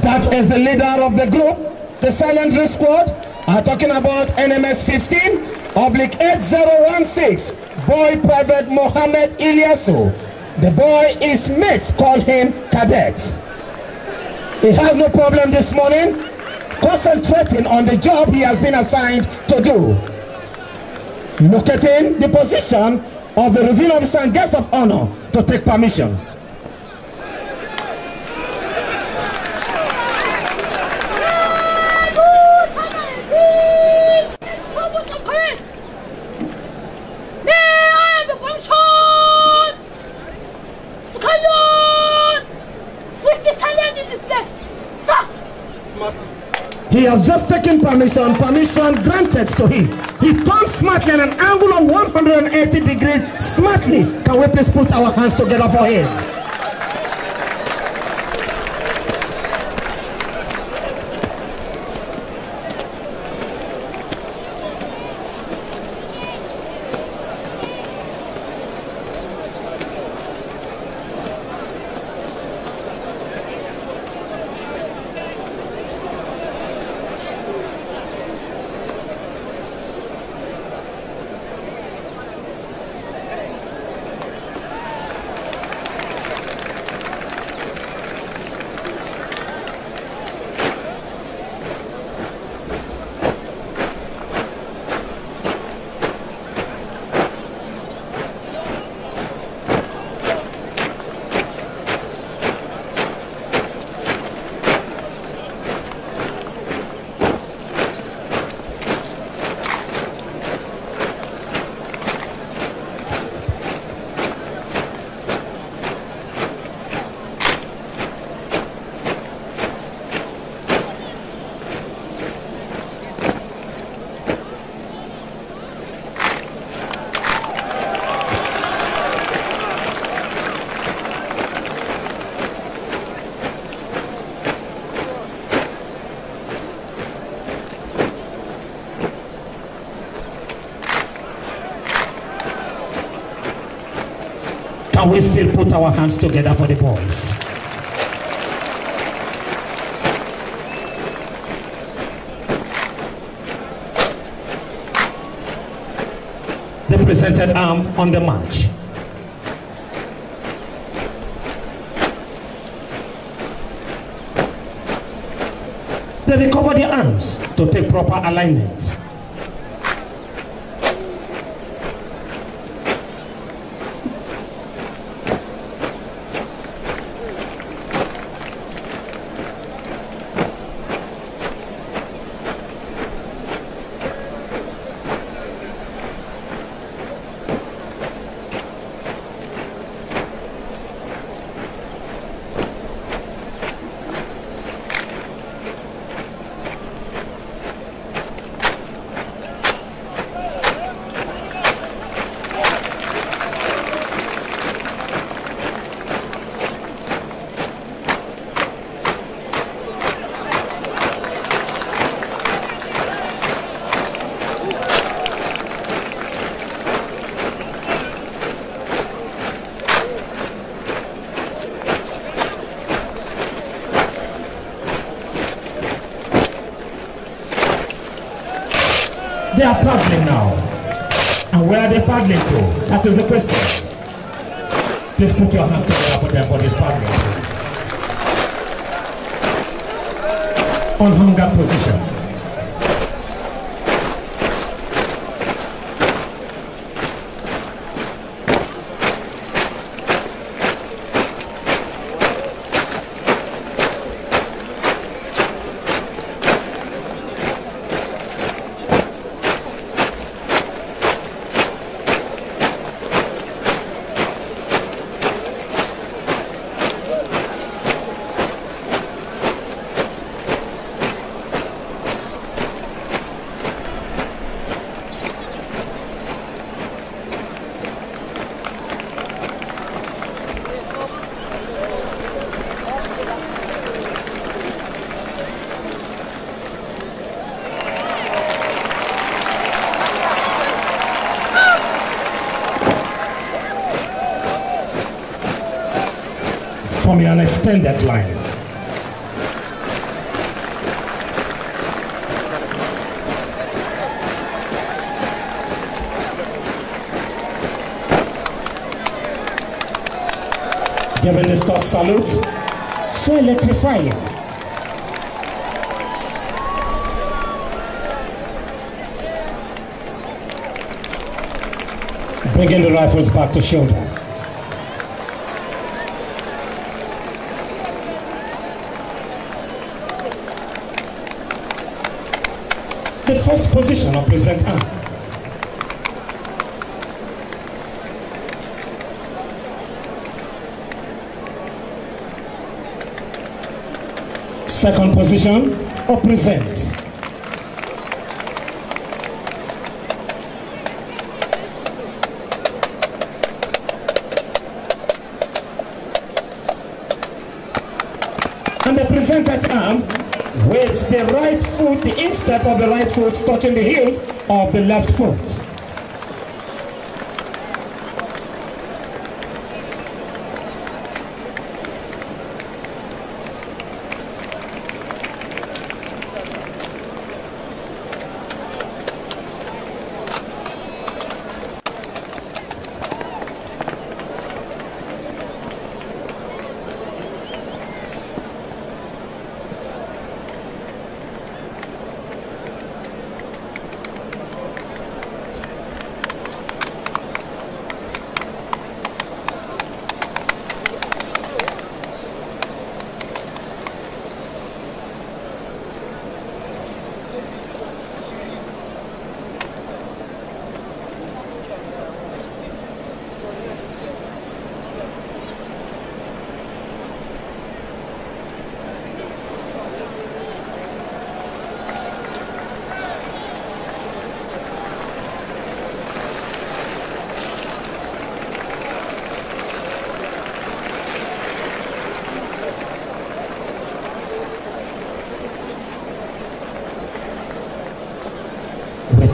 That is the leader of the group, the Silent Drill Squad. are talking about NMS 15, oblique 8016, boy private Mohammed Ilyasu. The boy is mixed, call him cadets. He has no problem this morning concentrating on the job he has been assigned to do, locating the position of the reviewing officer and guest of honor to take permission. permission, permission granted to him. He turned smartly at an angle of 180 degrees, smartly. Can we please put our hands together for him? Can we still put our hands together for the boys? They presented arm on the march. They recovered their arms to take proper alignment. they are paddling now? And where are they paddling to? That is the question. Please put your hands together for them for this paddling, please. On hunger position. extend that line. Giving this tough salute, so electrifying. Bringing the rifles back to shoulder. position represent her. Second position represent. foot, the instep of the right foot touching the heels of the left foot.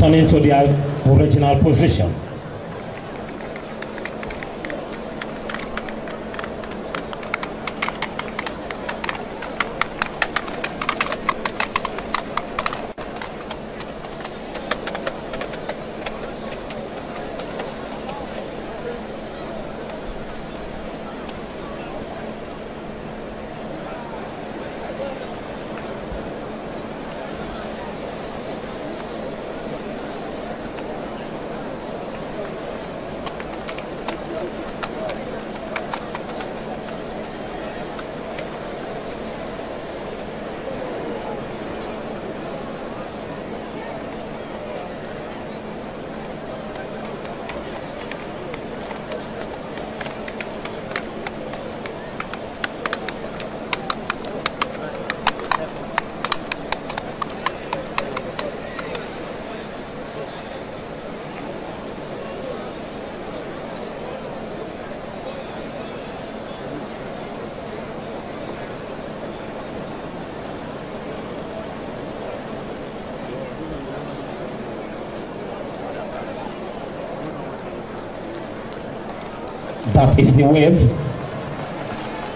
returning to their original position. that is the wave.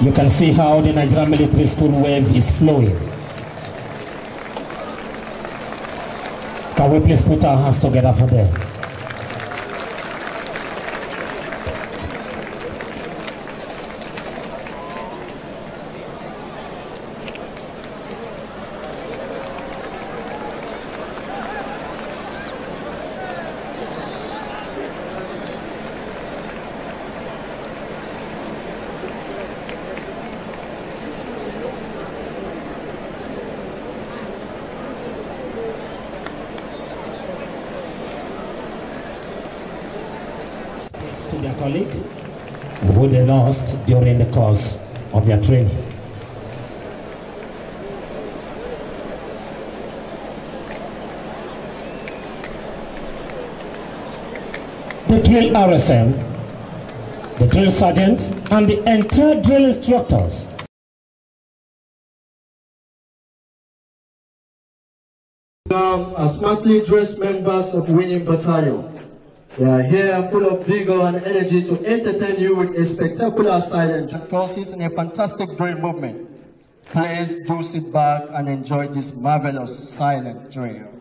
You can see how the Nigerian military school wave is flowing. Can we please put our hands together for them? colleague who they lost during the course of their training. The drill RSM, the drill sergeants, and the entire drill instructors Now, are smartly dressed members of winning battalion. We are here full of vigor and energy to entertain you with a spectacular silent courses and a fantastic drill movement. Please do sit back and enjoy this marvelous silent drill.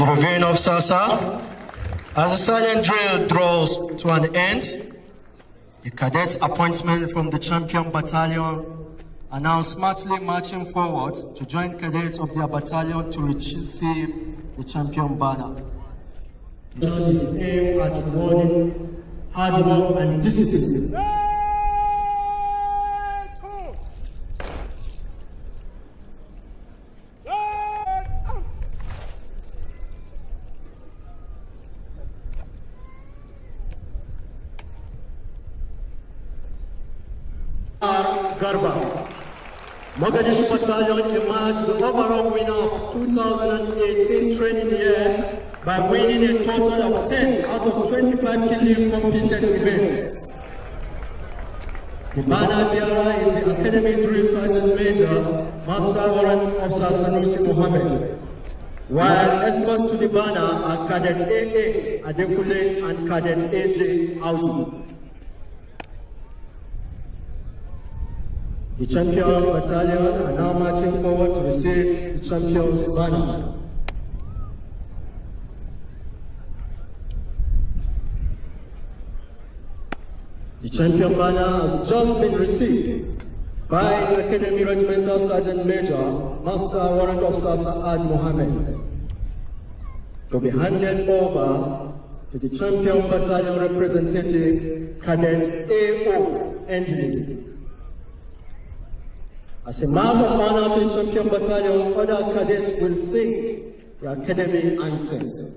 The Reverend Officer Sir, as the silent drill draws to an end, the cadets' appointment from the champion battalion are now smartly marching forward to join cadets of their battalion to receive the champion banner. The is aimed at rewarding hard work and discipline. Garba. Mogadishu Battalion emerged the overall winner of 2018 training year by winning a total of 10 out of 25 kilim competed events. The banner is the Academy Drill Sergeant Major, Master Warrant Officer Sanusi Mohammed. While escorts to the banner are Cadet AA Adekule and Cadet AJ Audu. the Champion Battalion are now marching forward to receive the Champion's banner. The Champion banner has just been received by Academy Regimental Sergeant Major Master Warrant Officer Saad Mohammed to be handed over to the Champion Battalion Representative Cadet A.O. Engineer. As a mark of honor to the champion battalion, other cadets will sing the academy anthem.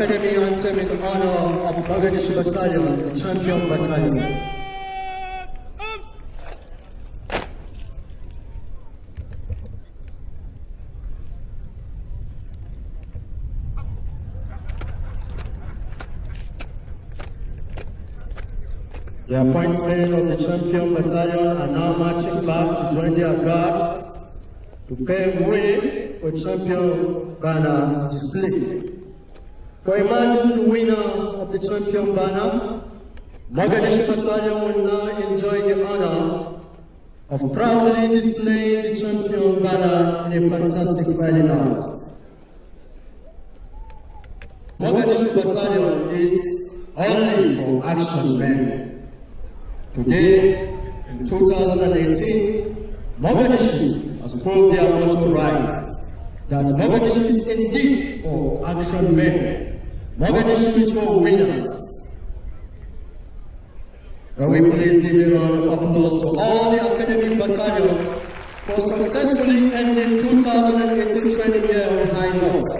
Academy anthem in honor of Bangladesh Battalion, the champion battalion. The appointsmen of the champion battalion are now marching back to join their guards to pave way for champion Ghana display. Imagine the winner of the champion banner, Mogadishu Battalion will now enjoy the honor of proudly displaying the champion banner in a fantastic Friday night. Mogadishu Battalion is only for action men. Today, in 2018, Mogadishu has proved their motto right, that Mogadishu is indeed for action men. Mogadishu is for winners. And we please give a round of applause to all the academic battalion for successfully ending 2018 training year on high notes.